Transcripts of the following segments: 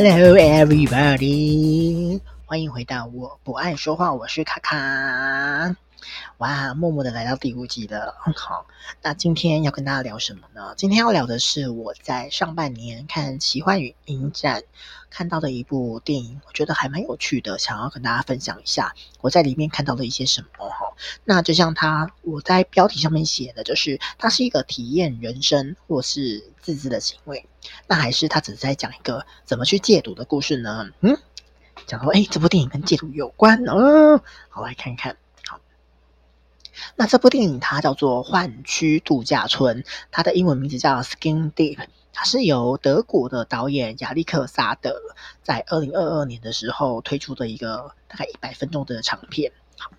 Hello, everybody！歡迎回到我不愛說話，我是卡卡。哇，默默的來到第五集了，很、嗯、好。那今天要跟大家聊什麼呢？今天要聊的是我在上半年看奇幻與影展看到的一部電影，我覺得還蠻有趣的，想要跟大家分享一下我在裡面看到的一些什麼。哈，那就像它我在標題上面寫的，就是它是一個體驗人生或是自知的行為。那還是他只是在講一個怎麼去戒毒的故事呢？嗯，講說哎、欸，這部電影跟戒毒有關哦、啊。好，我來看看。好，那這部電影它叫做《換軀渡假村》，它的英文名字叫《Skin Deep》，它是由德國的導演亞歷克薩德在二零二二年的時候推出的一個大概一百分鐘的長片。好，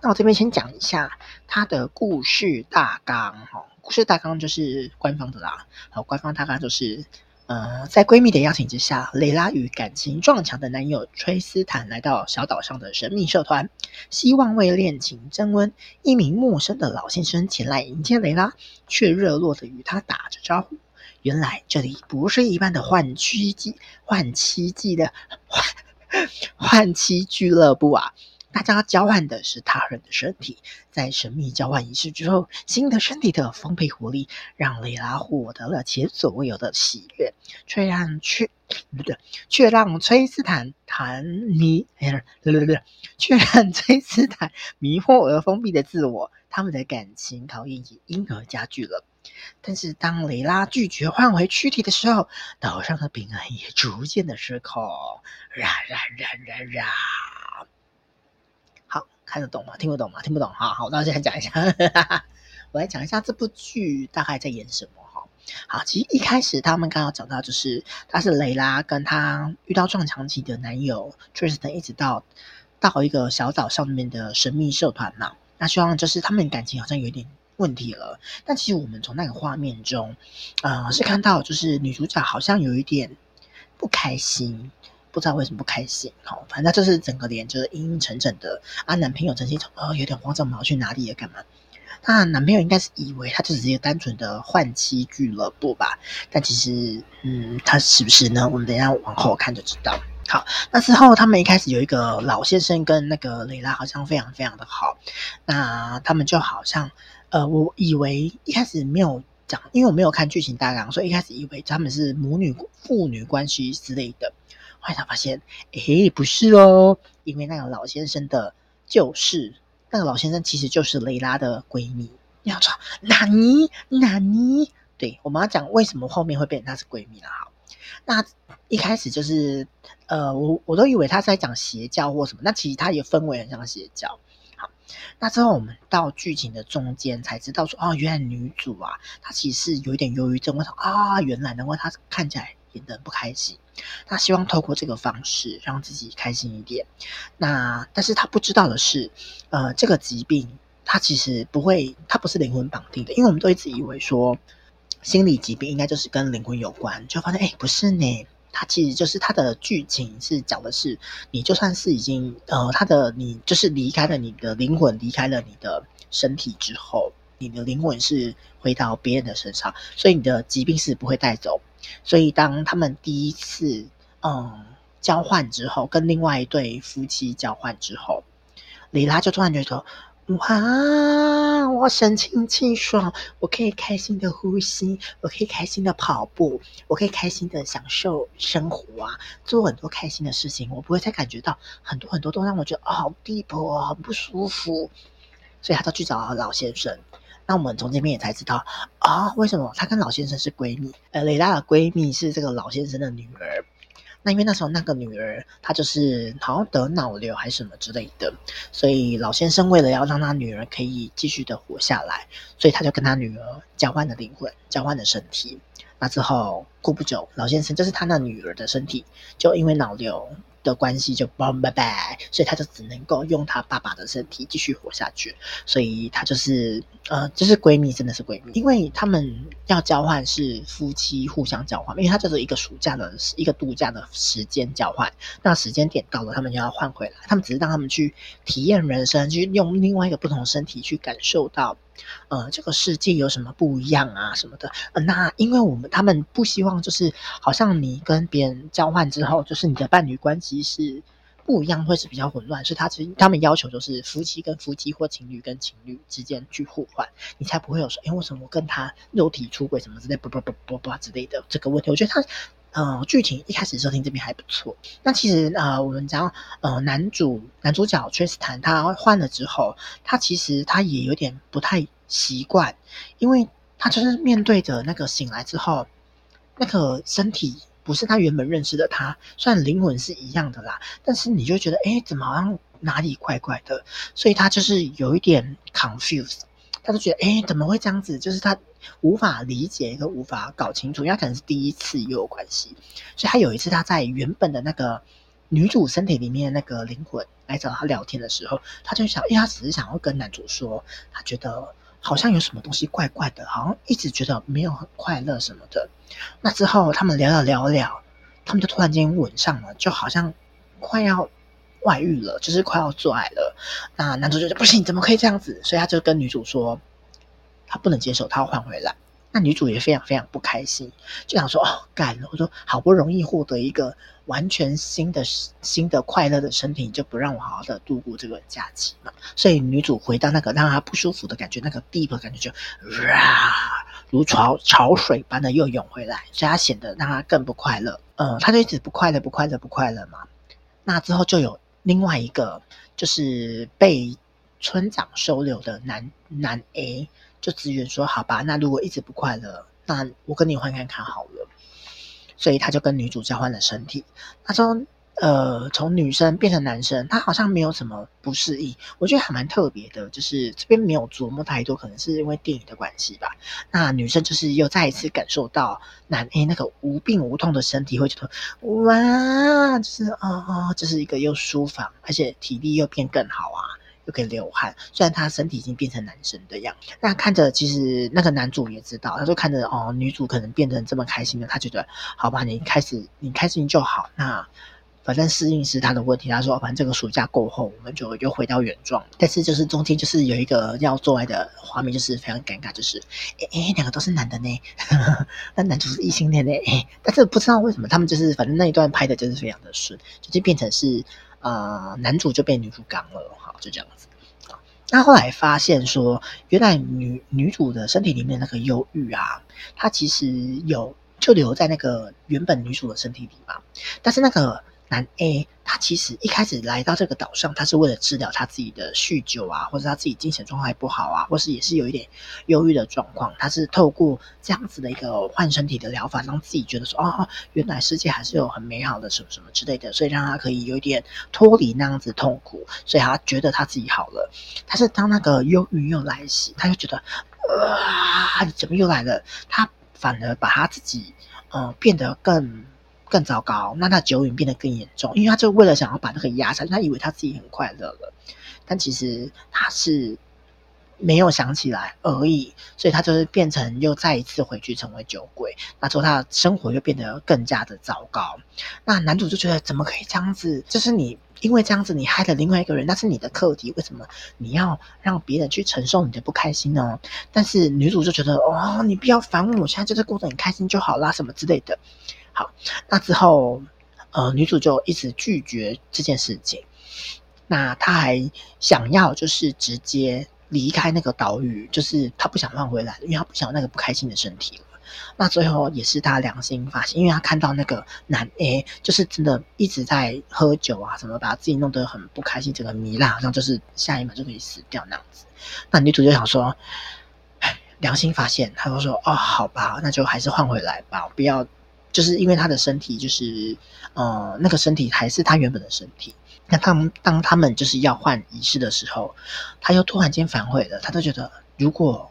那我這邊先講一下它的故事大綱。故事大綱就是官方的啦。好，官方大綱就是。呃，在閨蜜的邀請之下，蕾拉與感情撞牆的男友崔斯坦來到小島上的神秘社團，希望為戀情增溫。一名陌生的老先生前來迎接蕾拉，卻熱絡的與他打着招呼。原來這裡不是一般的換妻記，換妻記的換換妻俱樂部啊！大家交換的是他人的身體，在神秘交換儀式之後，新的身體的豐沛活力讓雷拉獲得了前所未有的喜悅，卻讓卻不對，Words. 卻讓崔斯坦彈迷，哎，對對對，卻讓崔斯坦迷惑而封閉的自我，他們的感情考驗也因而加劇了。但是當雷拉拒絕換回軀體的時候，島上的平衡也逐漸的失控。然然然然然。看得懂嗎？聽不懂嗎？聽不懂哈。好，我到現在講一下， 我來講一下這部劇大概在演什麼哈。好，其實一開始他們剛剛講到，就是她是蕾拉跟她遇到撞牆期的男友 Tristan，一直到到一個小島上面的神秘社團嘛。那希望就是他們感情好像有點問題了。但其實我們從那個畫面中，呃，是看到就是女主角好像有一點不開心。不知道為什麼不開心？好、哦，反正就是整個臉就是陰陰沉沉的。啊，男朋友真心呃、哦、有點慌張，我們要去哪裡？要幹嘛？那男朋友應該是以為他就只是一個單純的換妻俱樂部吧？但其實，嗯，他是不是呢？我們等一下往後看就知道。好，那之後他們一開始有一個老先生跟那個蕾拉好像非常非常的好。那他們就好像呃，我以為一開始沒有講，因為我沒有看劇情大綱，所以一開始以為他們是母女、父女關係之類的。快，才發現，哎、欸，不是哦，因為那個老先生的，就是那個老先生其實就是蕾拉的閨蜜。你要說哪尼哪尼？對，我們要講為什麼後面會變成她是閨蜜了、啊。哈。那一開始就是，呃，我我都以為她是在講邪教或什麼，那其實她也氛圍很像邪教。好，那之後我們到劇情的中間才知道說，哦，原來女主啊，她其實是有一點憂鬱症。我說啊、哦，原來，然後她看起來。不開心，他希望透過這個方式讓自己開心一點。那但是他不知道的是，呃，這個疾病它其實不會，它不是靈魂綁定的，因為我們都一直以為說心理疾病應該就是跟靈魂有關，就發現哎、欸、不是呢，它其實就是它的劇情是講的是，你就算是已經呃，他的你就是離開了你的靈魂，離開了你的身體之後，你的靈魂是回到別人的身上，所以你的疾病是不會帶走。所以，當他們第一次嗯交換之後，跟另外一對夫妻交換之後，李拉就突然覺得，哇，我神清氣爽，我可以開心的呼吸，我可以開心的跑步，我可以開心的享受生活啊，做很多開心的事情，我不會再感覺到很多很多都讓我覺得哦，好疲憊，很不舒服。所以，他就去找老先生。那我們從這邊也才知道啊、哦，為什麼她跟老先生是閨蜜？呃，蕾拉的閨蜜是這個老先生的女兒。那因為那時候那個女兒她就是好像得腦瘤還是什麼之類的，所以老先生為了要讓他女兒可以繼續的活下來，所以他就跟他女兒交換了靈魂，交換了身體。那之後過不久，老先生就是他那女兒的身體，就因為腦瘤。的關係就嘣拜拜，所以她就只能夠用她爸爸的身體繼續活下去，所以她就是呃，就是閨蜜，真的是閨蜜，因為他們要交換是夫妻互相交換，因為她就是一個暑假的一個度假的時間交換，那時間點到了，他們就要換回來，他們只是讓他們去體驗人生，去用另外一個不同身體去感受到，呃，這個世界有什麼不一樣啊，什麼的？呃，那因為我們他們不希望，就是好像你跟別人交換之後，就是你的伴侶關係是不一樣，會是比較混亂。所以他其實他們要求就是夫妻跟夫妻或情侶跟情侶之間去互換，你才不會有說，哎、欸，為什麼我跟他肉體出軌什麼之類，不不不不不之類的這個問題。我覺得他。呃，劇情一開始設定這邊還不錯。那其實呃，我們講呃，男主男主角崔斯坦，他換了之後，他其實他也有點不太習慣，因為他就是面對着那個醒來之後，那個身體不是他原本認識的他，雖然靈魂是一樣的啦，但是你就覺得哎、欸，怎麼好像哪裡怪怪的，所以他就是有一點 confused。他就覺得，哎、欸，怎麼會這樣子？就是他無法理解，跟無法搞清楚，因為他可能是第一次也有關係。所以他有一次，他在原本的那個女主身體裡面的那個靈魂來找他聊天的時候，他就想，哎，他只是想要跟男主說，他覺得好像有什麼東西怪怪的，好像一直覺得沒有很快樂什麼的。那之後他們聊了聊聊了聊，他們就突然間吻上了，就好像快要。外遇了，就是快要做愛了。那男主角說不行，你怎麼可以這樣子？所以他就跟女主說，他不能接受，他要換回來。那女主也非常非常不開心，就想說哦，幹了！我說好不容易獲得一個完全新的新的快樂的身體，就不讓我好好的度過這個假期嘛。所以女主回到那個讓她不舒服的感覺，那個 deep 的感覺就啊，如潮潮水般的又湧回來，所以她顯得讓她更不快樂。嗯，她就一直不快樂，不快樂，不快樂嘛。那之後就有。另外一個就是被村長收留的男男 A 就直言說：“好吧，那如果一直不快樂，那我跟你換看看好了。”所以他就跟女主交換了身體。他說。呃，從女生變成男生，他好像沒有什麼不適應，我覺得還蠻特別的。就是這邊沒有琢磨太多，可能是因為電影的關係吧。那女生就是又再一次感受到男 A、欸、那個無病無痛的身體，會覺得哇，就是啊啊，哦、這是一個又舒服，而且體力又變更好啊，又可以流汗。雖然他身體已經變成男生的樣子，那看着其實那個男主也知道，他就看着哦，女主可能變成這麼開心了，他覺得好吧，你開始你開心就好，那。反正適應是他的問題，他說反正這個暑假過後我們就又回到原狀，但是就是中間就是有一個要做愛的畫面，就是非常尷尬，就是哎誒兩個都是男的呢，那男主是異性戀的，哎、欸，但是不知道為什麼他們就是反正那一段拍的就是非常的順，直接變成是呃男主就被女主剛了，好，就這樣子，那後來發現說原來女女主的身體裡面那個憂鬱啊，他其實有就留在那個原本女主的身體裡嘛，但是那個。男 A 他其實一開始來到這個島上，他是為了治療他自己的酗酒啊，或者他自己精神狀態不好啊，或是也是有一點憂鬱的狀況。他是透過這樣子的一個換身體的療法，讓自己覺得說：“哦，原來世界還是有很美好的什麼什麼之類的。”所以讓他可以有一點脫離那樣子痛苦，所以他覺得他自己好了。但是當那個憂鬱又來襲，他就覺得：“啊、呃，你怎麼又來了？”他反而把他自己嗯、呃、變得更。更糟糕，那他酒癮變得更嚴重，因為他就為了想要把那個壓下，他以為他自己很快樂了，但其實他是沒有想起來而已，所以他就是變成又再一次回去成為酒鬼，那之後他的生活又變得更加的糟糕。那男主就覺得怎麼可以這樣子？就是你因為這樣子，你害了另外一個人，那是你的課題，為什麼你要讓別人去承受你的不開心呢？但是女主就覺得哦，你不要煩我，我現在就是過得很開心就好啦，什麼之類的。好，那之後，呃，女主就一直拒絕這件事情。那她還想要，就是直接離開那個島嶼，就是她不想換回來，因為她不想那個不開心的身體了。那最後也是她良心發現，因為她看到那個男，A 就是真的一直在喝酒啊，什麼把自己弄得很不開心，整個糜爛，好像就是下一秒就可以死掉那樣子。那女主就想說唉，良心發現，她就說：“哦，好吧，那就還是換回來吧，不要。”就是因為他的身體，就是，呃，那個身體還是他原本的身體。那他們當他們就是要換儀式的時候，他又突然間反悔了。他都覺得，如果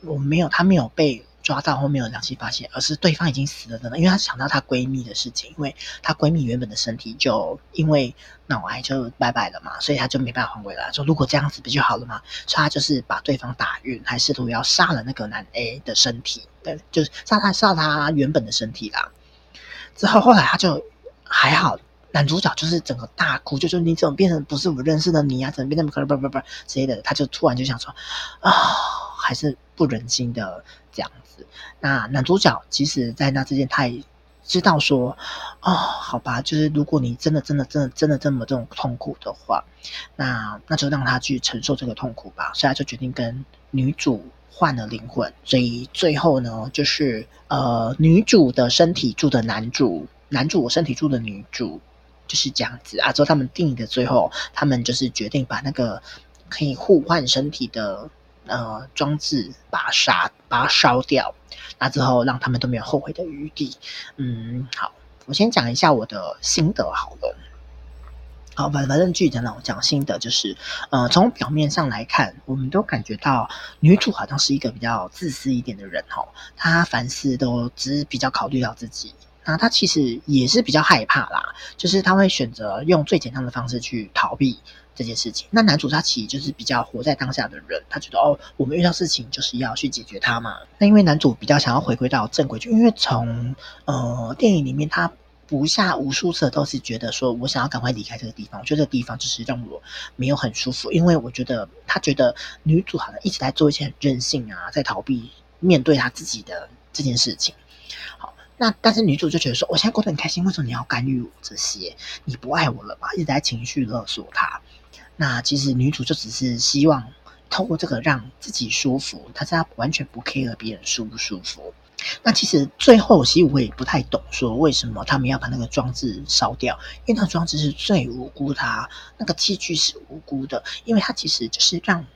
我沒有，他沒有被抓到後面有良心發現，而是對方已經死了的呢？因為她想到她閨蜜的事情，因為她閨蜜原本的身體就因為腦癌就拜拜了嘛，所以她就沒辦法還回來，說如果這樣子不就好了嘛？所以她就是把對方打暈，還試圖要殺了那個男 A 的身體，對，就是殺他殺他原本的身體啦。之後後來他就還好，男主角就是整個大哭，就說你怎麼變成不是我認識的你啊？怎麼變那麼……不不不之類的，他就突然就想說啊、哦，還是不忍心的這樣子。那男主角其實在那之前他也知道說，哦，好吧，就是如果你真的真的真的真的這麼這種痛苦的話，那那就讓他去承受這個痛苦吧。所以他就決定跟女主換了靈魂。所以最後呢，就是呃，女主的身體住的男主，男主我身體住的女主，就是這樣子啊。之後他們電影的最後、嗯，他們就是決定把那個可以互換身體的。呃，裝置把它殺，把它燒掉，那之後讓他們都沒有後悔的餘地。嗯，好，我先講一下我的心得好了。好，反正劇集呢講心得就是，呃，從表面上來看，我們都感覺到女主好像是一個比較自私一點的人，她凡事都只比較考慮到自己。那她其實也是比較害怕啦，就是她會選擇用最簡單的方式去逃避。這件事情，那男主他其實就是比較活在當下的人，他覺得哦，我們遇到事情就是要去解決它嘛。那因為男主比較想要回歸到正軌，就因為從呃電影裡面他不下無數次都是覺得說我想要趕快離開這個地方，我覺得這個地方就是讓我沒有很舒服，因為我覺得他覺得女主好像一直在做一些很任性啊，在逃避面對他自己的這件事情。好，那但是女主就覺得說我、哦、現在過得很開心，為什麼你要干預我這些？你不愛我了吧？一直在情緒勒索他。那其實女主就只是希望透過這個讓自己舒服，她是她完全不 care 別人舒不舒服。那其實最後其實我也不太懂，說為什麼他們要把那個裝置燒掉？因為那個裝置是最無辜的，那個器具是無辜的，因為它其實就是讓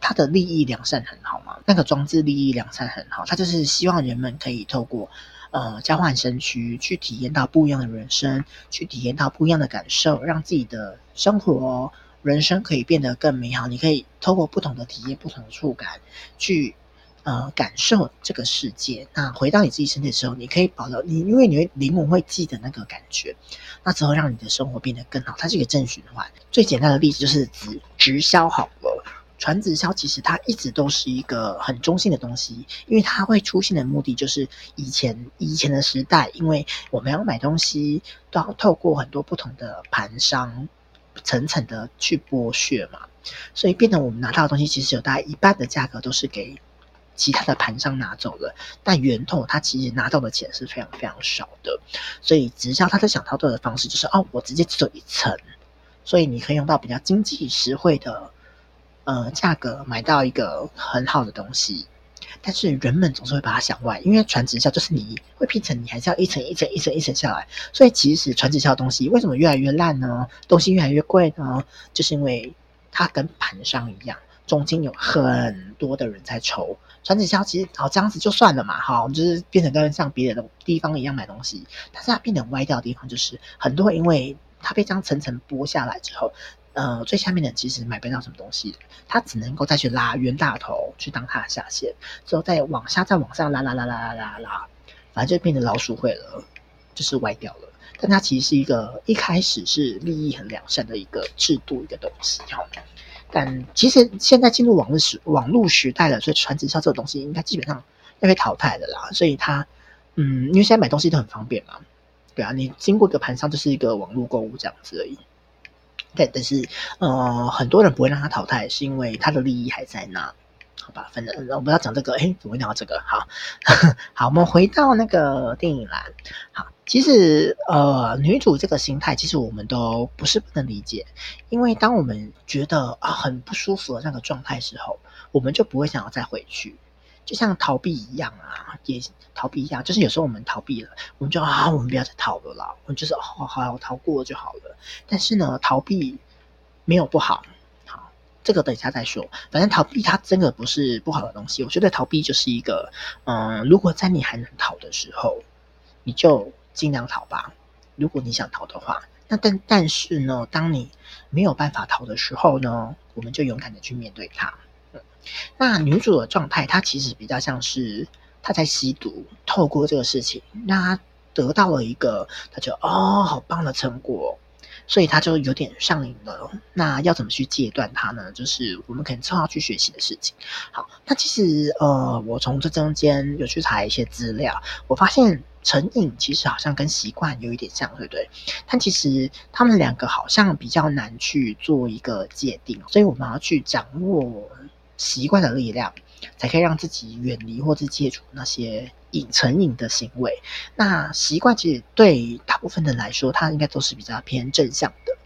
它的利益良善很好嘛。那個裝置利益良善很好，它就是希望人們可以透過呃交換身軀去體驗到不一樣的人生，去體驗到不一樣的感受，讓自己的生活、哦。人生可以變得更美好。你可以透過不同的體驗、不同的觸感，去呃感受這個世界。那回到你自己身體的時候，你可以保留你，因為你會靈魂會記得那個感覺。那之後讓你的生活變得更好，它是一個正循環。最簡單的例子就是直直銷好了，傳直銷其實它一直都是一個很中性的東西，因為它會出現的目的就是以前，以前的時代，因為我們要買東西都要透過很多不同的盤商。層層的去剝削嘛，所以變成我們拿到的東西，其實有大概一半的價格都是給其他的盤商拿走了。但源頭它其實拿到的錢是非常非常少的，所以直銷它的想操作的方式就是哦，我直接只做一層，所以你可以用到比較經濟實惠的呃價格買到一個很好的東西。但是人們總是會把它想歪，因為傳直銷就是你會變成，你還是要一層一層一層一層下來。所以，其實傳直銷的東西為什麼越來越爛呢？東西越來越貴呢？就是因為它跟盤商一樣，中間有很多的人在抽。傳直銷其實哦這樣子就算了嘛，好，就是變成跟像別的地方一樣買東西。但是它變得歪掉的地方，就是很多，因為它被這樣層層剝下來之後。呃，最下面的人其實買不到什麼東西，他只能夠再去拉冤大頭去當他的下線，之後再往下，再往上拉，拉，拉，拉，拉，拉，反正就變成老鼠會了，就是歪掉了。但它其實是一個一開始是利益很良善的一個制度、一個東西。但其實現在進入網絡時網絡時代了，所以傳直銷這個東西應該基本上要被淘汰的啦。所以它，嗯，因為現在買東西都很方便嘛，對啊，你經過一個盤商就是一個網絡購物這樣子而已。但但是呃，很多人不會讓他淘汰，是因為他的利益還在那，好吧？反正我們不要講這個，哎、欸，怎麼會聊到這個？好呵呵，好，我們回到那個電影啦。好，其實呃，女主這個心態，其實我們都不是不能理解，因為當我們覺得啊、呃、很不舒服的那個狀態時候，我們就不會想要再回去。就像逃避一樣啊，也逃避一樣。就是有時候我們逃避了，我們就啊，我們不要再逃了啦。我們就是哦，好好逃過了就好了。但是呢，逃避沒有不好，好，這個等一下再說。反正逃避它真的不是不好的東西。我覺得逃避就是一個，嗯、呃，如果在你還能逃的時候，你就儘量逃吧。如果你想逃的話，那但但是呢，當你沒有辦法逃的時候呢，我們就勇敢的去面對它。那女主的狀態，她其實比較像是她在吸毒，透過這個事情，那她得到了一個，她就哦，好棒的成果，所以她就有點上癮了。那要怎麼去戒斷它呢？就是我們可能重要去學習的事情。好，那其實呃，我從這中間有去查一些資料，我發現成癮其實好像跟習慣有一點像，對不對？但其實他們兩個好像比較難去做一個界定，所以我們要去掌握，習慣的力量，才可以讓自己遠離或是戒除那些癮成癮的行為。那習慣其實對大部分人來說，它應該都是比較偏正向的。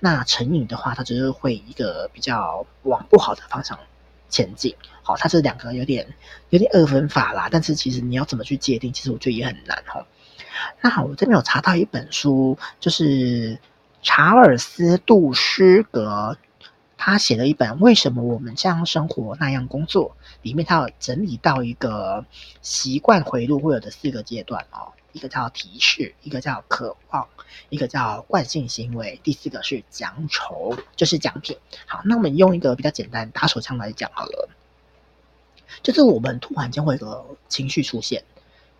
那成癮的話，它只是會一個比較往不好的方向前進。好，它這兩個有點有點二分法啦。但是其實你要怎麼去界定，其實我覺得也很難哈。那好，我這邊有查到一本書，就是查爾斯·杜施格。他寫了一本《為什麼我們這樣生活那樣工作》，裡面他有整理到一個習慣回路會有的四個階段哦，一個叫提示，一個叫渴望，一個叫慣性行為，第四個是獎酬，就是獎品。好，那我們用一個比較簡單打手槍來講好了，就是我們突然間會有個情緒出現。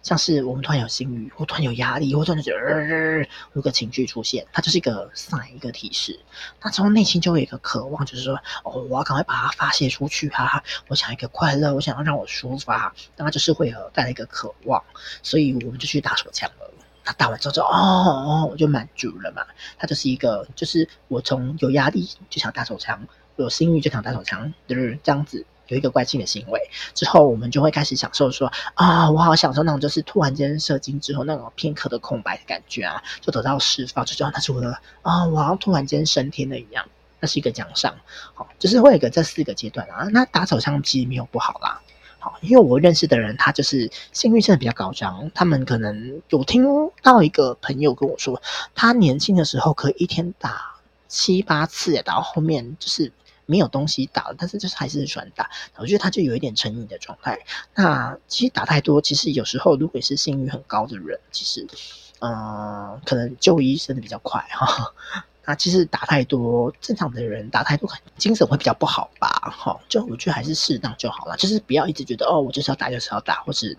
像是我們突然有性欲，我突然有壓力，我突然覺得、呃，某個情緒出現，它就是一個上來一個提示，它從內心就有一個渴望，就是說，哦，我要趕快把它發泄出去哈、啊，我想要一個快樂，我想要讓我舒服，但它就是會有帶來一個渴望，所以我們就去打手槍了。他打完之後就，哦哦，我就滿足了嘛。他就是一個，就是我從有壓力就想打手槍，有性欲就想打手槍，就是這樣子。有一個慣性的行為之後，我們就會開始享受說啊，我好享受那種就是突然間射精之後那種片刻的空白的感覺啊，就得到釋放，就知道他是我的啊，我好像突然間升天了一樣，那是一個獎賞。好、哦，就是會有一個這四個階段啊。那打手槍沒有不好啦。好、哦，因為我認識的人，他就是性慾性比較高漲，他們可能有聽到一個朋友跟我說，他年輕的時候可以一天打七八次，然後，後面就是。沒有東西打，但是就是還是很想打。我覺得他就有一點成癮的狀態。那其實打太多，其實有時候如果是性慾很高的人，其實，嗯、呃，可能就醫生的比較快哈。那其實打太多，正常的人打太多，精神會比較不好吧？哈，就我覺得還是適當就好了。就是不要一直覺得哦，我就是要打就是要打，或是。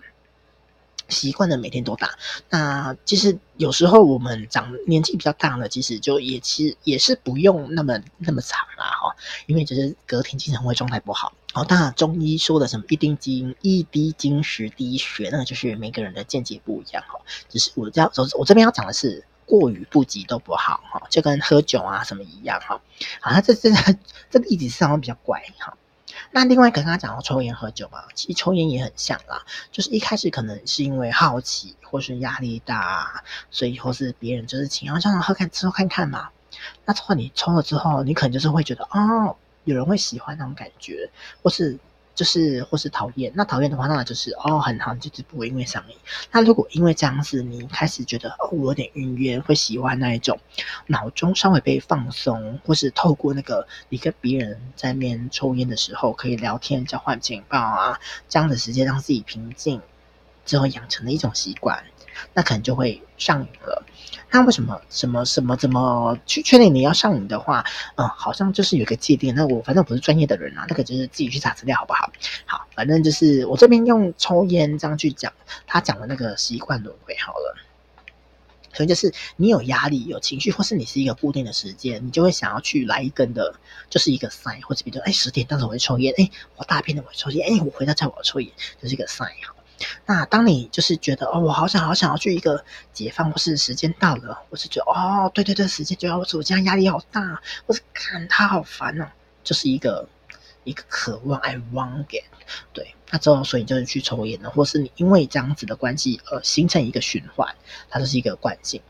習慣的每天都打，那其實有時候我們長年紀比較大了，其實就也其實也是不用那麼那麼常啦，啊、哈，因為就是隔天經常會狀態不好哦。當然中醫說的什麼一滴精一滴精十滴血，那個，就是每個人的見解不一樣哈。只是我這我我這邊要講的是過於不及都不好哈，就跟喝酒啊什麼一樣哈。啊，這這這個例子是比較怪哈。那另外，剛剛講到抽菸喝酒嘛，其實抽菸也很像啦，就是一開始可能是因為好奇，或是壓力大，所以或是別人就是請，然後這喝看、後看看嘛。那之後你抽了之後，你可能就是會覺得，哦，有人會喜歡那種感覺，或是。就是或是討厭，那討厭的話，那就是哦，很好，你就只不會因為上癮。那如果因為這樣子，你開始覺得哦，我有點暈暈，會喜歡那一種，腦中稍微被放鬆，或是透過那個你跟別人在那邊抽菸的時候，可以聊天交換情報啊，這樣的時間讓自己平靜，之後養成了一種習慣。那可能就會上癮了。那為什麼什麼什麼怎麼去確定你要上癮的話？嗯，好像就是有一個界定。那我反正不是專業的人啊，那個就是自己去查資料好不好？好，反正就是我這邊用抽煙這樣去講他講的那個習慣輪迴好了。所以就是你有壓力、有情緒，或是你是一個固定的時間，你就會想要去來一根的，就是一個 sign，或者比如說哎、欸、十點，當時我會抽煙，哎、欸、我大便的我會抽煙，哎、欸、我回到家我要抽煙，就是一個 sign 好。那當你就是覺得哦，我好想好想要去一個解放，或是時間到了，或是覺得哦，對對對，時間就要，走，我這樣壓力好大，或是看他好煩哦，就是一個一個渴望，I want it again，對，那之後所以你就是去抽菸了，或是你因為這樣子的關係而形成一個循環，它就是一個慣性。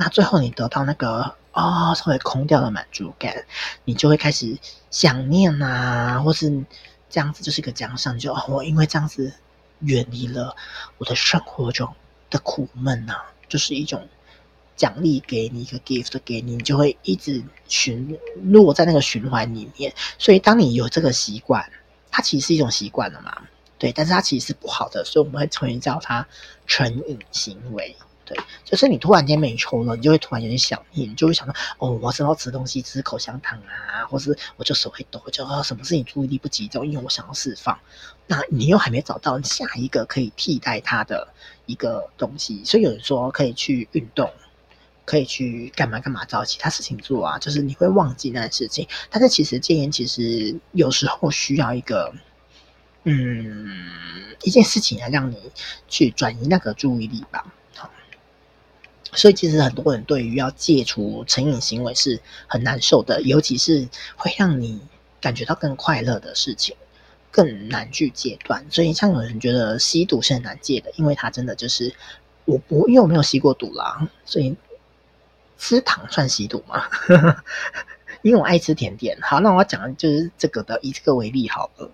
那最後你得到那個哦，稍微空掉的滿足感，你就會開始想念啊，或是這樣子，就是一個獎賞，你就我、哦、因為這樣子。遠離了我的生活中的苦悶吶、啊，就是一種獎勵，給你一個 gift，給你，你就會一直循落在那個循環裡面。所以，當你有這個習慣，它其實是一種習慣了嘛，對，但是它其實是不好的，所以我們會稱為叫它成癮行為。對，就是你突然間沒抽了，你就會突然有點想，你就會想到哦，我想要吃東西，吃口香糖啊，或是我就手會抖，就說什麼事情注意力不集中，因為我想要釋放。那你又還沒找到下一個可以替代它的一個東西，所以有人說可以去運動，可以去幹嘛幹嘛找其他事情做啊，就是你會忘記那件事情。但是其實戒煙其實有時候需要一個嗯，一件事情來讓你去轉移那個注意力吧。所以其實很多人對於要戒除成癮行為是很難受的，尤其是會讓你感覺到更快樂的事情，更難去戒斷。所以像有人覺得吸毒是很難戒的，因為他真的就是，我不，因為我沒有吸過毒啦，所以吃糖算吸毒嗎？ 因為我愛吃甜點，好，那我要講的就是這個的，以這個為例好了，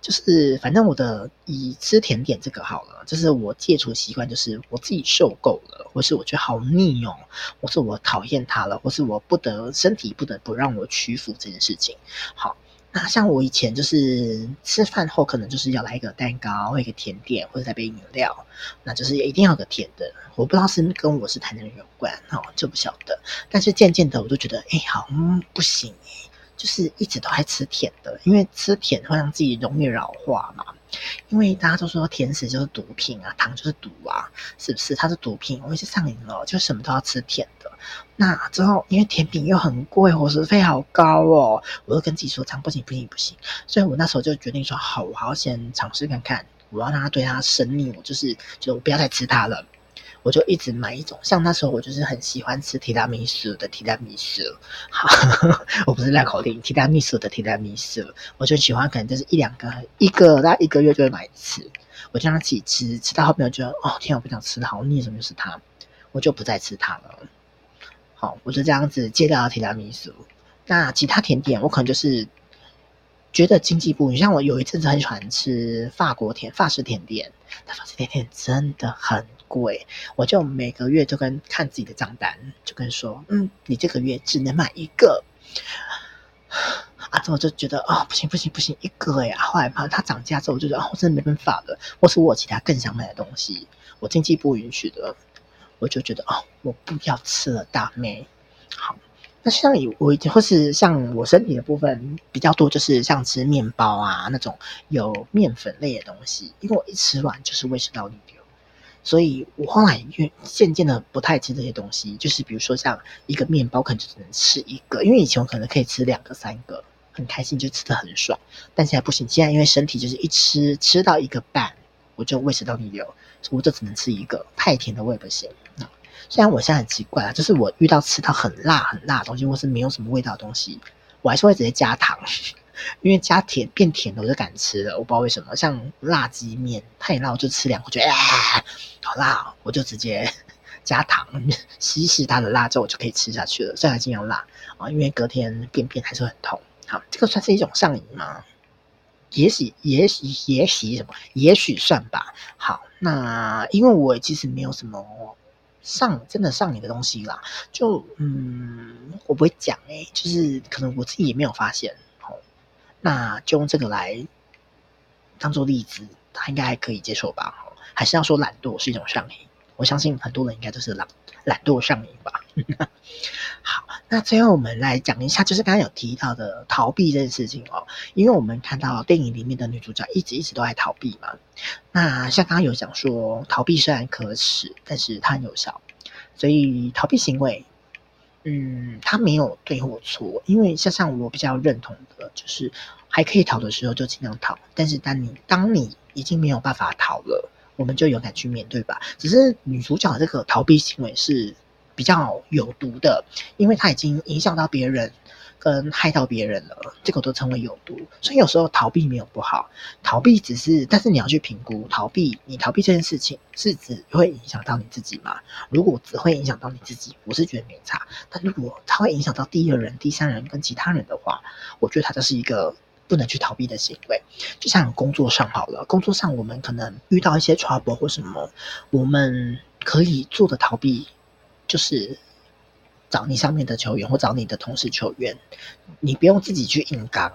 就是反正我的以吃甜點這個好了，就是我戒除習慣，就是我自己受夠了，或是我覺得好膩哦，或是我討厭它了，或是我不得，身體不得不讓我屈服這件事情，好。那像我以前就是吃飯後可能就是要來一個蛋糕或一個甜點或者一杯飲料，那就是一定要有個甜的。我不知道是跟我是台灣人有關哦，就不曉得。但是漸漸的我都覺得，哎、欸，好像、嗯、不行就是一直都愛吃甜的，因為吃甜會讓自己容易老化嘛。因為大家都說甜食就是毒品啊，糖就是毒啊，是不是？它是毒品，我已經上癮了，就什麼都要吃甜的。那之後，因為甜品又很貴，夥食費好高哦，我就跟自己說這樣，不行，不行，不行。所以，我那時候就決定說，好，我好先嘗試看看，我要讓它對它生膩，我就是就不要再吃它了。我就一直買一種，像那時候我就是很喜歡吃提拉米蘇的提拉米蘇，好，我不是爛口令提拉米蘇的提拉米蘇，我就喜歡，可能就是一兩個，一個大概一個月就會買一次，我就讓它自己吃，吃到後面我就覺得哦天啊，我不想吃了，好膩，什麼就是它，我就不再吃它了。好，我就這樣子戒掉了提拉米蘇，那其他甜點我可能就是覺得經濟不，你像我有一陣子很喜歡吃法國甜法式甜點，但法式甜點真的很。貴，我就每個月就跟看自己的賬單，就跟說，嗯，你這個月只能買一個。啊，之後就覺得哦，不行不行不行，一個呀、欸。啊、後來怕它漲價之後，我就覺得、哦、我真的沒辦法了，或是我其他更想買的東西，我經濟不允許的。我就覺得哦，我不要吃了，大妹。好，那像我已經或是像我身體的部分比較多，就是像吃麵包啊那種有麵粉類的東西，因為我一吃完就是胃腸道裡面。所以我後來漸漸的不太吃這些東西，就是比如說像一個麵包，可能就只能吃一個，因為以前我可能可以吃兩個、三個，很開心就吃得很爽。但現在不行，現在因為身體就是一吃吃到一個半，我就胃食道逆流，所以我就只能吃一個，太甜的我也不行，嗯。雖然我現在很奇怪，就是我遇到吃到很辣、很辣的東西，或是沒有什麼味道的東西，我還是會直接加糖。因為加甜變甜的我就敢吃了，我不知道為什麼。像辣雞麵太辣，我就吃兩口就啊，好辣，我就直接加糖稀釋它的辣，之後我就可以吃下去了。雖然經常辣啊、哦，因為隔天便便還是很痛。好，這個算是一種上癮嗎？也許，也許，也許，也許什麼？也許算吧。好，那因為我其實沒有什麼上真的上癮的東西啦。就嗯，我不會講哎、欸，就是可能我自己也沒有發現。那就用這個來當做例子，他應該還可以接受吧？還是要說，懶惰是一種上癮？我相信很多人應該都是懶懶惰上癮吧。 好，那最後我們來講一下，就是剛才有提到的逃避這件事情哦，因為我們看到電影裡面的女主角一直一直都在逃避嘛。那像剛剛有講說，逃避雖然可恥，但是它很有效，所以逃避行為。嗯，他沒有對或錯，因為像像我比較認同的，就是還可以逃的時候就盡量逃，但是當你當你已經沒有辦法逃了，我們就勇敢去面對吧。只是女主角這個逃避行為是比較有毒的，因為他已經影響到別人。嗯，害到別人了，這個都稱為有毒，所以有時候逃避沒有不好，逃避只是，但是你要去評估，逃避你逃避這件事情是只會影響到你自己嗎？如果只會影響到你自己，我是覺得沒差，但如果它會影響到第二人、第三人跟其他人的話，我覺得他就是一個不能去逃避的行為。就像工作上好了，工作上我們可能遇到一些 trouble 或什麼，我們可以做的逃避就是。找你上面的求援，或找你的同事求援，你不用自己去硬剛。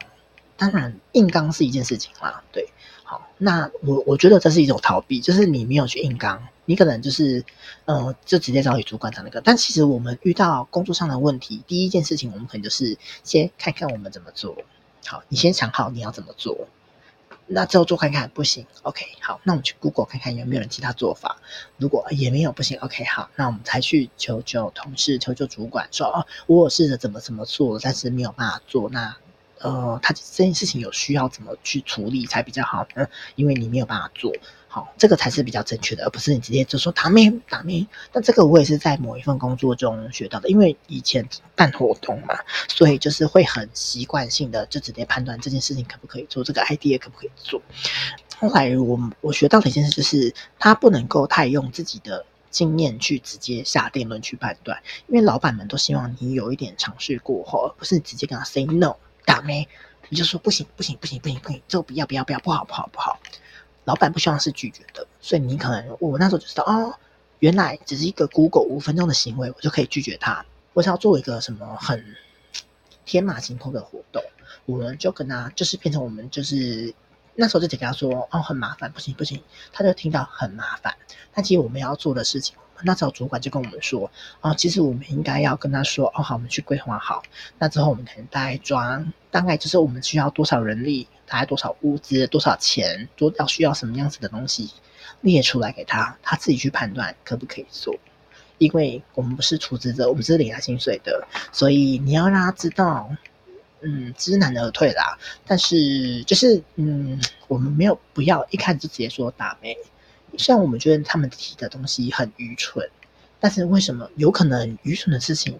當然，硬剛是一件事情啦，對，好。那我我覺得這是一種逃避，就是你沒有去硬剛，你可能就是，呃，就直接找你主管講那個。但其實我們遇到工作上的問題，第一件事情我們可能就是先看看我們怎麼做好。你先想好你要怎麼做。那之後做看看不行，OK，好，那我們去 Google 看看有沒有人其他做法。如果也沒有不行，OK，好，那我們才去求救同事，求救主管說，說哦，我試着怎麼怎麼做，但是沒有辦法做。那呃，他這件事情有需要怎麼去處理才比較好呢？因為你沒有辦法做。好，這個才是比較正確的，而不是你直接就說打咩打咩。那這個我也是在某一份工作中學到的，因為以前辦活動嘛，所以就是會很習慣性的就直接判斷這件事情可不可以做，這個 idea 可不可以做。後來我我學到的一件事就是，他不能夠太用自己的經驗去直接下定論去判斷，因為老闆們都希望你有一點嘗試過後，而不是你直接跟他 say no 打咩，你就說不行不行不行不行不行，這不要不要不要不要，不好不好不好。不老闆不希望是拒絕的，所以你可能我那時候就知道哦，原來只是一個 Google 五分鐘的行為，我就可以拒絕他。我想要做一個什麼很天馬行空的活動，我們就跟他就是變成我們就是那時候直接跟他說哦，很麻煩，不行不行。他就聽到很麻煩，那其實我們要做的事情，那時候主管就跟我們說哦，其實我們應該要跟他說哦，好，我們去規劃好。那之後我們可能大概裝，大概就是我們需要多少人力。大概多少物資、多少錢、多要需要什麼樣子的東西，列出來給他，他自己去判斷可不可以做。因為我們不是出資者，我們是領他薪水的，所以你要讓他知道，嗯，知難而退啦。但是就是，嗯，我們沒有不要一開始就直接說ダメ。雖然我們覺得他們提的東西很愚蠢，但是為什麼？有可能愚蠢的事情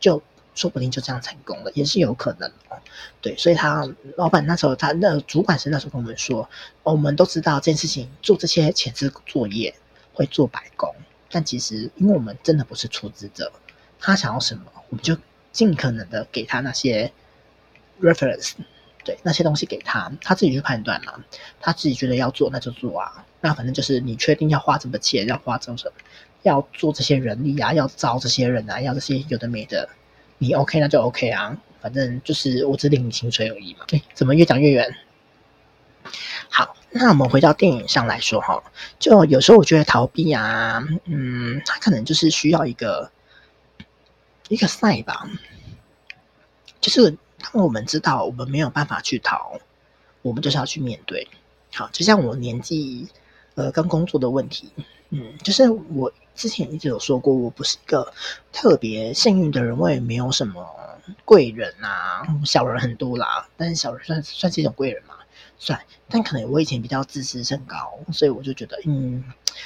就？說不定就這樣成功了，也是有可能哦。對，所以他老板那時候他，他那主管是那時候跟我們說，哦：“我們都知道這件事情，做這些前置作業會做白工，但其實因為我們真的不是出資者，他想要什麼，我們就盡可能的給他那些 reference，對，那些東西給他，他自己去判斷嘛。他自己覺得要做，那就做啊。那反正就是你確定要花這筆錢，要花這什麼，要做這些人力呀、啊，要招這些人啊，要這些有的沒的。”你 OK 那就 OK 啊，反正就是我只領你薪水而已嘛。對、欸，怎麼越講越遠？好，那我們回到電影上來說哈，就有時候我覺得逃避啊，嗯，它可能就是需要一個一個賽吧，就是當我們知道我們沒有辦法去逃，我們就是要去面對。好，就像我年紀呃跟工作的問題。嗯，就是我之前一直有說過，我不是一個特別幸運的人，我也沒有什麼貴人啊，小人很多啦。但是小人算，算是一種貴人嘛，算。但可能我以前比較自視甚高，所以我就覺得，嗯，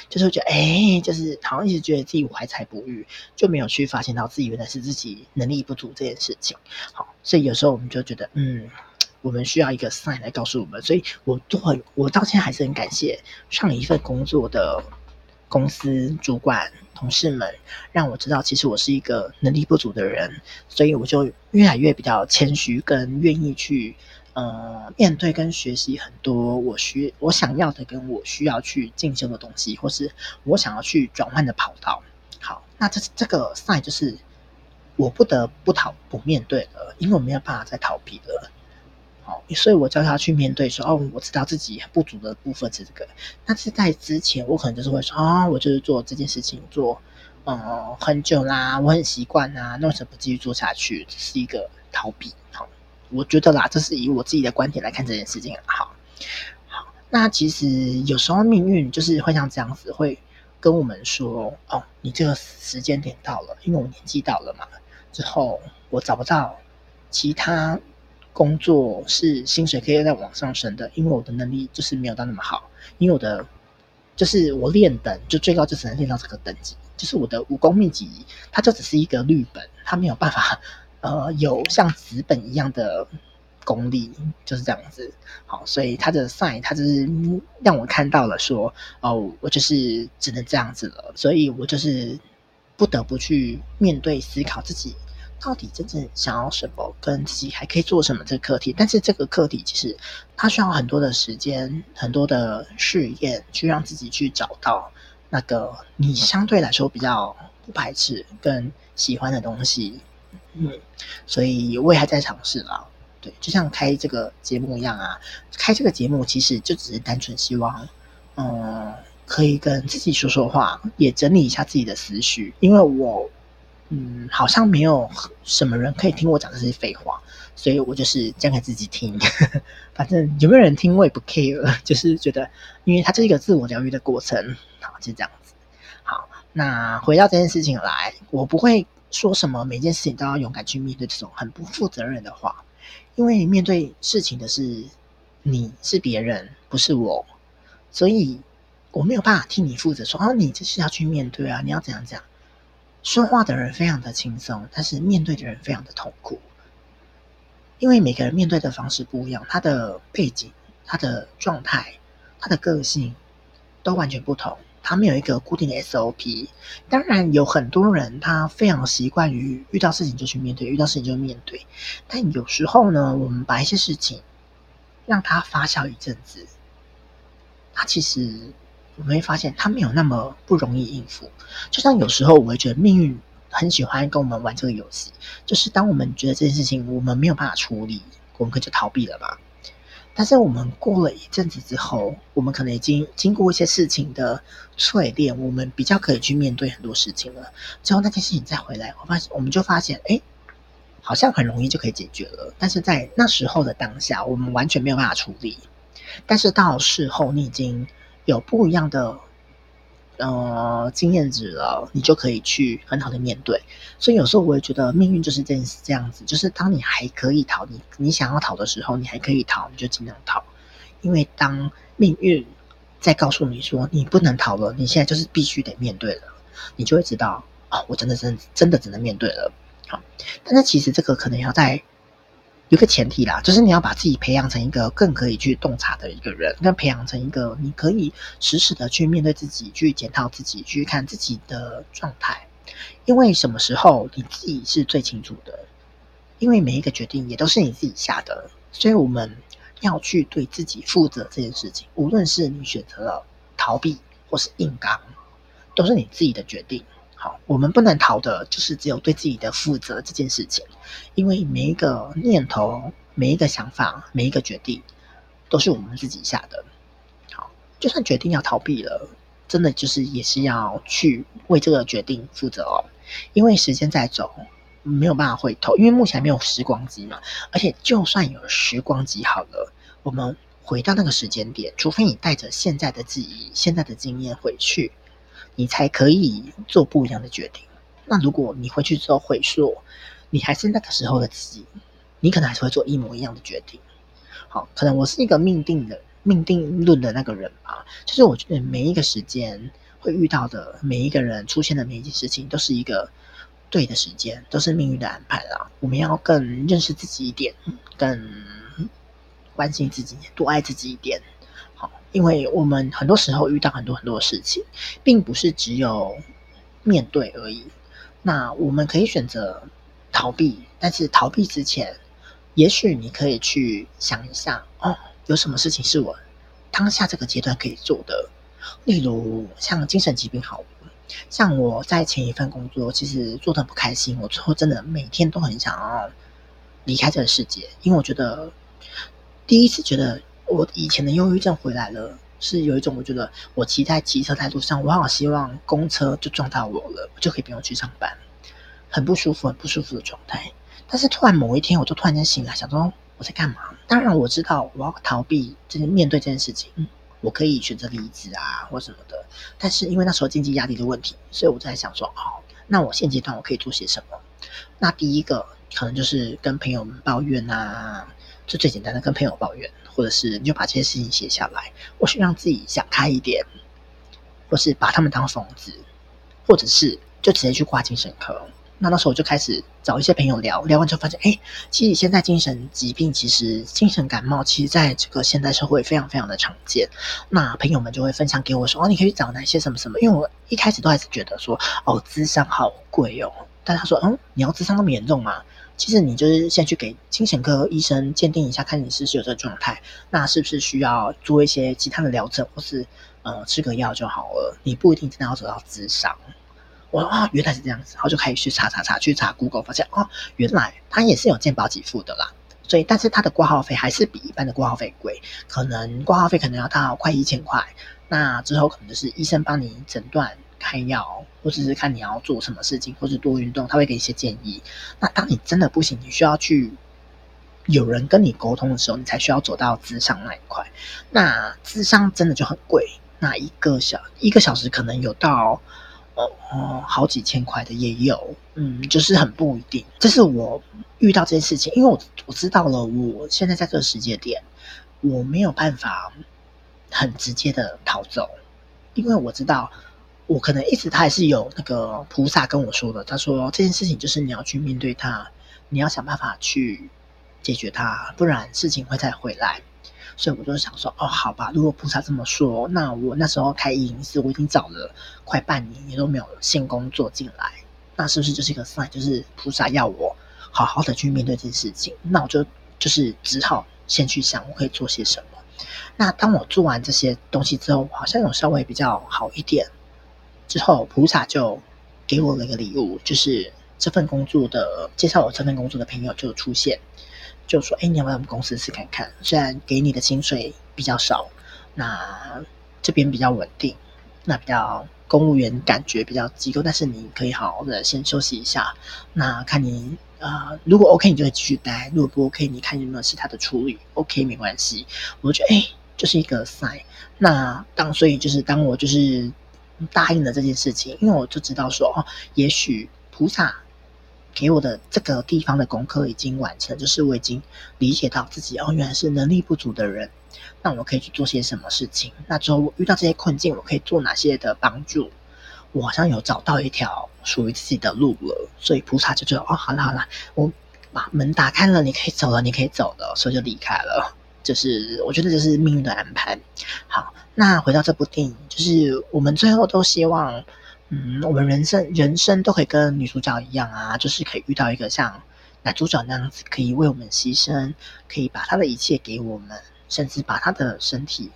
就是我覺得，哎、欸，就是好像一直覺得自己懷才不遇，就沒有去發現到自己原來是自己能力不足這件事情。好，所以有時候我們就覺得，嗯，我們需要一個 sign 來告訴我們。所以我都很，我到現在還是很感謝上一份工作的。公司主管同事們讓我知道，其實我是一個能力不足的人，所以我就越來越比較謙虛，跟願意去呃面對跟學習很多我需我想要的跟我需要去進修的東西，或是我想要去轉換的跑道。好，那這這個賽就是我不得不逃不面對了，因為我沒有辦法再逃避了。所以，我叫他去面對，說：“哦，我知道自己很不足的部分是這個。”，但是在之前，我可能就是會說：“啊、哦，我就是做這件事情做，嗯、很久啦，我很習慣啊，那為什麼不繼續做下去？”這是一個逃避。好，我覺得啦，這是以我自己的觀點來看這件事情。好好，那其實有時候命運就是會像這樣子，會跟我們說：“哦，你這個時間點到了，因為我年紀到了嘛。”之後，我找不到其他。工作是薪水可以再往上升的，因為我的能力就是沒有到那麼好，因為我的就是我練等就最高就只能練到這個等級，就是我的武功秘籍它就只是一個綠本，它沒有辦法呃有像紫本一樣的功力，就是這樣子。好，所以他的 sign 他就是讓我看到了說哦，我就是只能這樣子了，所以我就是不得不去面對思考自己。到底真正想要什麼，跟自己還可以做什麼這個課題，但是這個課題其實它需要很多的時間，很多的試驗，去讓自己去找到那個你相對來說比較不排斥，跟喜歡的東西。嗯，所以我也還在嘗試了。對，就像開這個節目一樣啊，開這個節目其實就只是單純希望，嗯，可以跟自己說說話，也整理一下自己的思緒，因為我。嗯，好像沒有什麼人可以聽我講這些廢話，所以我就是講給自己聽呵呵。反正有沒有人聽我也不 care，就是覺得，因為他是一個自我療癒的過程，好，就這樣子。好，那回到這件事情來，我不會說什麼每件事情都要勇敢去面對這種很不負責任的話，因為面對事情的是你是別人，不是我，所以我沒有辦法替你負責說，說啊，你這是要去面對啊，你要怎樣怎樣。說話的人非常的輕鬆，但是面對的人非常的痛苦，因為每個人面對的方式不一樣，他的背景、他的狀態、他的個性都完全不同，他沒有一個固定的 SOP。當然有很多人他非常習慣於遇到事情就去面對，遇到事情就面對，但有時候呢，我們把一些事情讓他發酵一陣子，他其實。我們會發現，他沒有那麼不容易應付。就像有時候，我會覺得命運很喜歡跟我們玩這個遊戲。就是當我們覺得這件事情我們沒有辦法處理，我們可就逃避了吧。但是我們過了一陣子之後，我們可能已經經過一些事情的淬煉，我們比較可以去面對很多事情了。之後那件事情再回來，我發現我們就發現，哎，好像很容易就可以解決了。但是在那時候的當下，我們完全沒有辦法處理。但是到事後，你已經。有不一樣的，呃，經驗值了，你就可以去很好的面對。所以有時候我也覺得命運就是這樣子，就是當你還可以逃，你你想要逃的時候，你還可以逃，你就盡量逃。因為當命運在告訴你說你不能逃了，你現在就是必須得面對了，你就會知道啊、哦，我真的真真的只能面對了。好，但是其實這個可能要在。有個前提啦，就是你要把自己培養成一個更可以去洞察的一個人，那培養成一個你可以時時的去面對自己，去檢討自己，去看自己的狀態。因為什麼時候你自己是最清楚的？因為每一個決定也都是你自己下的，所以我們要去對自己負責這件事情。無論是你選擇了逃避或是硬剛，都是你自己的決定。好，我們不能逃的，就是只有對自己的負責這件事情，因為每一個念頭、每一個想法、每一個決定，都是我們自己下的。好，就算決定要逃避了，真的就是也是要去為這個決定負責哦。因為時間在走，沒有辦法回頭，因為目前沒有時光機嘛。而且就算有時光機好了，我們回到那個時間點，除非你帶着現在的記憶、現在的經驗回去。你才可以做不一樣的決定。那如果你回去之後回溯，你還是那個時候的自己，你可能還是會做一模一樣的決定。好，可能我是一個命定的命定論的那個人吧。就是我覺得每一個時間會遇到的每一個人、出現的每一件事情，都是一個對的時間，都是命運的安排啦。我們要更認識自己一點，更關心自己，多愛自己一點。因為我們很多時候遇到很多很多的事情，並不是只有面對而已。那我們可以選擇逃避，但是逃避之前，也許你可以去想一下哦，有什麼事情是我當下這個階段可以做的？例如像精神疾病好，像我在前一份工作其實做得很不開心，我最後真的每天都很想要離開這個世界，因為我覺得第一次覺得。我以前的憂鬱症回來了，是有一種我覺得我騎在騎車態度上，我好希望公車就撞到我了，我就可以不用去上班。很不舒服，很不舒服的狀態。但是突然某一天，我就突然間醒來，想說我在幹嘛？當然我知道我要逃避，就是面對這件事情，嗯，我可以選擇離職啊或什麼的。但是因為那時候經濟壓力的問題，所以我就在想說，哦，那我現階段我可以做些什麼？那第一個可能就是跟朋友們抱怨啊，就最簡單的跟朋友抱怨。或者是你就把這些事情寫下來，或是讓自己想開一點，或是把他們當瘋子，或者是就直接去掛精神科。那那時候我就開始找一些朋友聊聊，完之後發現，哎、欸，其實現在精神疾病，其實精神感冒，其實在這個現代社會非常非常的常見。那朋友們就會分享給我說，哦，你可以找哪些什麼什麼。因為我一開始都還是覺得說，哦，諮商好貴哦。但他說，嗯，你要諮商那麼嚴重嗎、啊？其實你就是先去給精神科醫生鑑定一下，看你是不是有這個狀態，那是不是需要做一些其他的療程，或是呃吃個藥就好了？你不一定真的要走到諮商。我說啊、哦、原來是這樣子，然後就可以去查查查，去查 Google，發現哦，原來他也是有健保給付的啦。所以，但是他的掛號費還是比一般的掛號費貴，可能掛號費可能要到快一千塊。那之後可能就是醫生幫你診斷。開藥，或者是看你要做什麼事情，或是多運動，他會給你一些建議。那當你真的不行，你需要去有人跟你溝通的時候，你才需要走到諮商那一塊。那諮商真的就很貴，那一個小一個小時可能有到哦、呃呃，好幾千塊的也有，嗯，就是很不一定。這是我遇到這件事情，因為我我知道了，我現在在這個時間點，我沒有辦法很直接的逃走，因為我知道。我可能一直他也是有那個菩薩跟我說的，他說，這件事情就是你要去面對它，你要想辦法去解決它，不然事情會再回來。所以我就想說，哦，好吧，如果菩薩這麼說，那我那時候開銀師，我已經找了快半年也都沒有新工作進來，那是不是就是一個 sign，就是菩薩要我好好的去面對這件事情？那我就就是只好先去想我可以做些什麼。那當我做完這些東西之後，好像有稍微比較好一點。之後，菩薩就給我了一個禮物，就是這份工作的介紹。我這份工作的朋友就出現，就說：“哎，你要不要我們公司試看看？雖然給你的薪水比較少，那這邊比較穩定，那比較公務員感覺比較機構，但是你可以好好的先休息一下。那看你啊、呃，如果 OK，你就會繼續待；如果不 OK，你看有沒有其他的處理？OK，沒關係。我覺得哎，就是一個 sign 那。那當所以就是當我就是。”答應了這件事情，因為我就知道說，哦，也許菩薩給我的這個地方的功課已經完成，就是我已經理解到自己，哦，原來是能力不足的人，那我可以去做些什麼事情？那之後我遇到這些困境，我可以做哪些的幫助？我好像有找到一條屬於自己的路了，所以菩薩就覺得，哦，好了好了，我把門打開了，你可以走了，你可以走了，所以就離開了。就是我覺得這是命運的安排。好，那回到這部電影，就是我們最後都希望，嗯，我們人生人生都可以跟女主角一樣啊，就是可以遇到一個像男主角那樣子，可以為我們犧牲，可以把他的一切給我們，甚至把他的身體，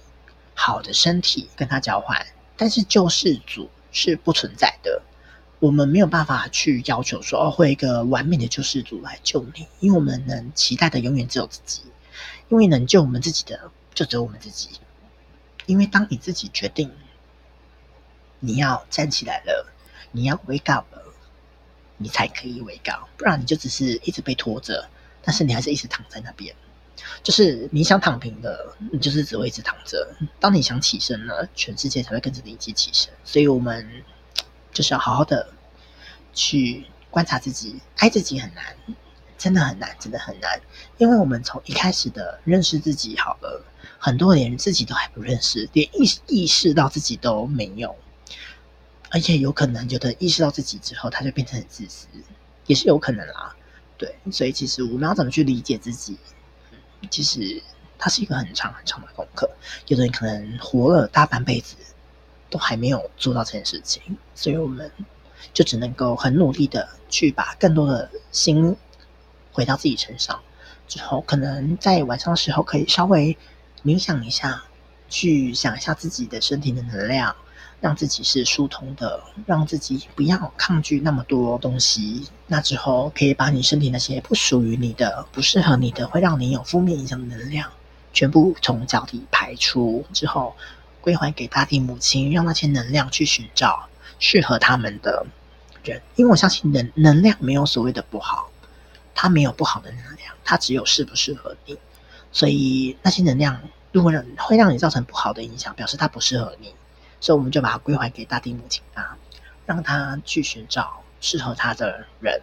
好的身體跟他交換。但是救世主是不存在的，我們沒有辦法去要求說哦，會一個完美的救世主來救你，因為我們能期待的永遠只有自己。因為能救我們自己的，就只有我們自己。因為當你自己決定你要站起來了，你要 wake up 了，你才可以 wake up，不然你就只是一直被拖着，但是你還是一直躺在那邊。就是你想躺平了，你就是只會一直躺着。當你想起身了，全世界才會跟着你一起起身。所以，我們就是要好好的去觀察自己，愛自己很難。真的很難，真的很難，因為我們從一開始的認識自己，好了，很多連自己都還不認識，連意識意識到自己都沒有，而且有可能有的意識到自己之後，他就變成很自私，也是有可能啦。對，所以其實我們要怎麼去理解自己，其實它是一個很長很長的功課。有的人可能活了大半輩子，都還沒有做到這件事情，所以我們就只能夠很努力的去把更多的心。回到自己身上之後，可能在晚上的時候可以稍微冥想一下，去想一下自己的身體的能量，讓自己是疏通的，讓自己不要抗拒那麼多東西。那之後可以把你身體那些不屬於你的、不適合你的、會讓你有負面影響的能量，全部從腳底排出之後，歸還給大地母親，讓那些能量去尋找適合他們的人。因為我相信能能量沒有所謂的不好。它沒有不好的能量，它只有適不適合你。所以那些能量，如果讓會讓你造成不好的影響，表示它不適合你。所以我們就把它歸還給大地母親啊，讓他去尋找適合他的人。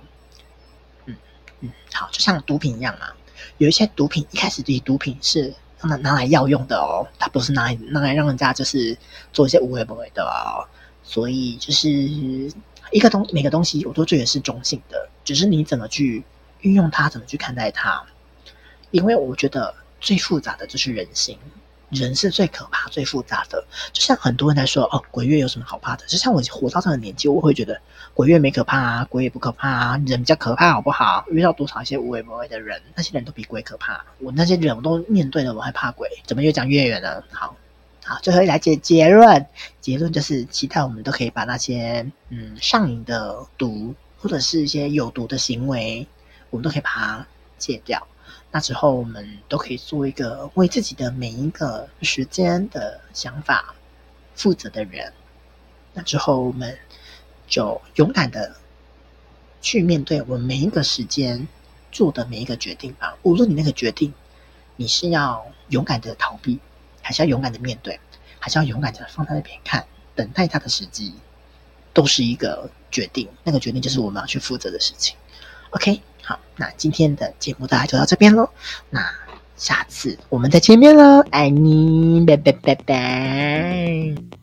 嗯嗯，好，就像毒品一樣啊，有一些毒品一開始的毒品是要拿拿來藥用的哦，它不是拿來拿來讓人家就是做一些無謂不為的哦。所以就是一個東每個東西我都覺得是中性的，只、就是你怎麼去，運用它怎麼去看待它？因為我覺得最複雜的就是人性，人是最可怕、最複雜的。就像很多人在說：“哦，鬼月有什麼好怕的？”就像我活到這個年紀，我會覺得鬼月沒可怕、啊，鬼也不可怕、啊，人比較可怕，好不好？遇到多少一些無為無畏的人，那些人都比鬼可怕。我那些人我都面對了，我還怕鬼？怎麼越講越遠呢？好，好，最後一來結結論，結論就是期待我們都可以把那些嗯上癮的毒，或者是一些有毒的行為。我們都可以把它戒掉。那之後，我們都可以做一個為自己的每一個時間的想法負責的人。那之後，我們就勇敢的去面對我們每一個時間做的每一個決定吧，無論你那個決定，你是要勇敢的逃避，還是要勇敢的面對，還是要勇敢的放在那邊看，等待他的時機，都是一個決定。那個決定就是我們要去負責的事情。OK。那今天的節目大家就到這邊嘍，那下次我們再見面嘍，愛你，拜拜拜拜。